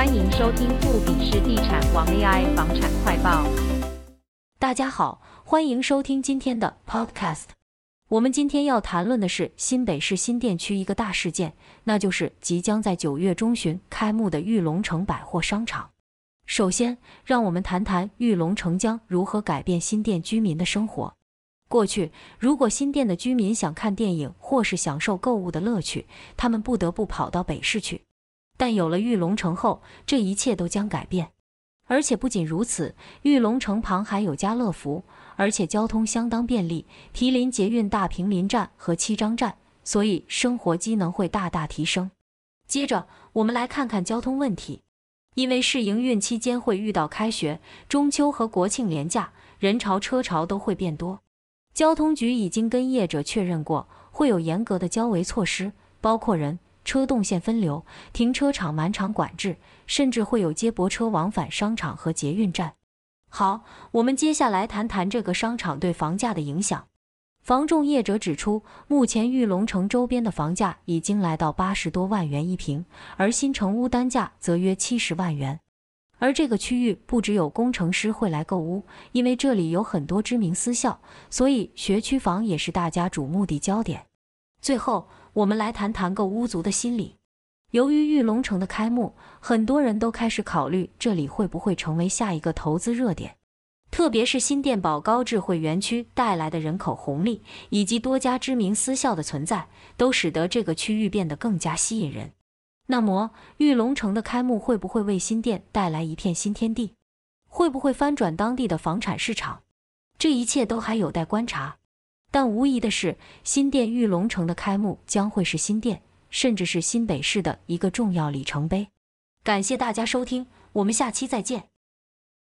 歡迎收聽富比士地產王 AI 房產快報。大家好，歡迎收聽今天的 podcast。我們今天要談論的是新北市新店區一個大事件，那就是即將在九月中旬開幕的裕隆城百貨商場。首先，讓我們談談裕隆城將如何改變新店居民的生活。過去，如果新店的居民想看電影或是享受購物的樂趣，他們不得不跑到北市去。但有了裕隆城後，這一切都將改變。而且不僅如此，裕隆城旁還有家樂福，而且交通相當便利，毗鄰捷運大坪林站和七張站，所以生活機能會大大提升。接着，我們來看看交通問題。因為試營運期間會遇到開學、中秋和國慶連假，人潮車潮都會變多。交通局已經跟業者確認過，會有嚴格的交維措施，包括人。車動線分流，停車場滿場管制，甚至會有接駁車往返商場和捷運站。好，我們接下來談談這個商場對房價的影響。房仲業者指出，目前裕隆城周邊的房價已經來到八十多萬元一坪，而新成屋單價則約七十萬元。而這個區域不只有工程師會來購屋，因為這裡有很多知名私校，所以學區房也是大家矚目的焦點。最後，我們來談談購屋族的心理。由於裕隆城的開幕，很多人都開始考慮這裡會不會成為下一個投資熱點。特別是新店寶高智慧園區帶來的人口紅利，以及多家知名私校的存在，都使得這個區域變得更加吸引人。那麼，裕隆城的開幕會不會為新店帶來一片新天地？會不會翻轉當地的房產市場？這一切都還有待觀察。但無疑的是，新店裕隆城的開幕將會是新店，甚至是新北市的一個重要里程碑。感謝大家收聽，我們下期再見。